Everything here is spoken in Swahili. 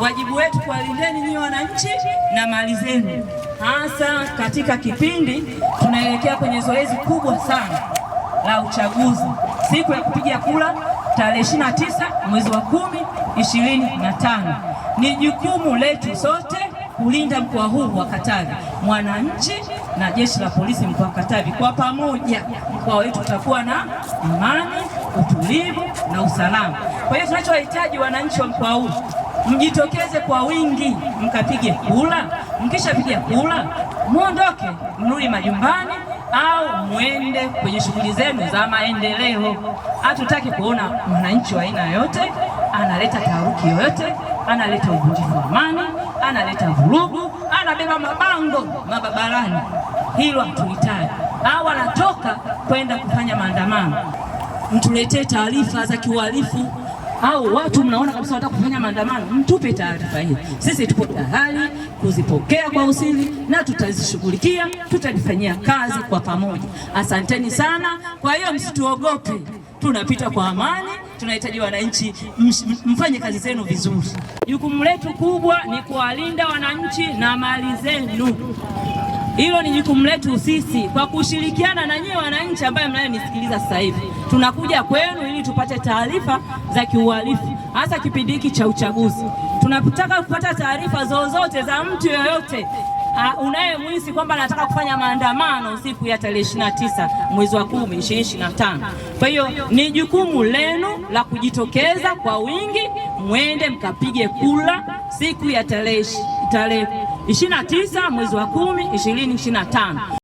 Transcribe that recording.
Wajibu wetu kuwalindeni nyinyi wananchi na mali zenu, hasa katika kipindi tunaelekea kwenye zoezi kubwa sana la uchaguzi, siku ya kupiga kura tarehe 29 mwezi wa kumi 25. Ni jukumu letu sote kulinda mkoa huu wa Katavi, mwananchi na jeshi la polisi mkoa wa Katavi. Kwa pamoja, mkoa wetu utakuwa na amani, utulivu na usalama. Kwa hiyo tunachohitaji wananchi wa mkoa huu mjitokeze kwa wingi mkapige kula. Mkishapiga kula, muondoke mrudi majumbani au mwende kwenye shughuli zenu za maendeleo. Hatutaki kuona mwananchi wa aina yoyote analeta taharuki yoyote, analeta uvunjifu wa amani, analeta vurugu, anabeba mabango mababarani. Hilo hatuhitaji. Au anatoka kwenda kufanya maandamano. Mtuletee taarifa za kiuhalifu au watu mnaona kabisa wanataka kufanya maandamano, mtupe taarifa hii. Sisi tupo tayari kuzipokea kwa usiri na tutazishughulikia, tutalifanyia kazi kwa pamoja. Asanteni sana. Kwa hiyo msituogope, tunapita kwa amani. Tunahitaji wananchi mfanye kazi zenu vizuri. Jukumu letu kubwa ni kuwalinda wananchi na mali zenu. Hilo ni jukumu letu sisi kwa kushirikiana na nyinyi wananchi ambaye mnayenisikiliza sasa hivi. Tunakuja kwenu ili tupate taarifa za kiuhalifu, hasa kipindi hiki cha uchaguzi. Tunataka kupata taarifa zozote za mtu yoyote unayemwisi kwamba anataka kufanya maandamano siku ya tarehe 29 mwezi wa 10 2025. Kwa hiyo ni jukumu lenu la kujitokeza kwa wingi mwende mkapige kula siku ya tarehe tarehe 29 mwezi wa 10 2025.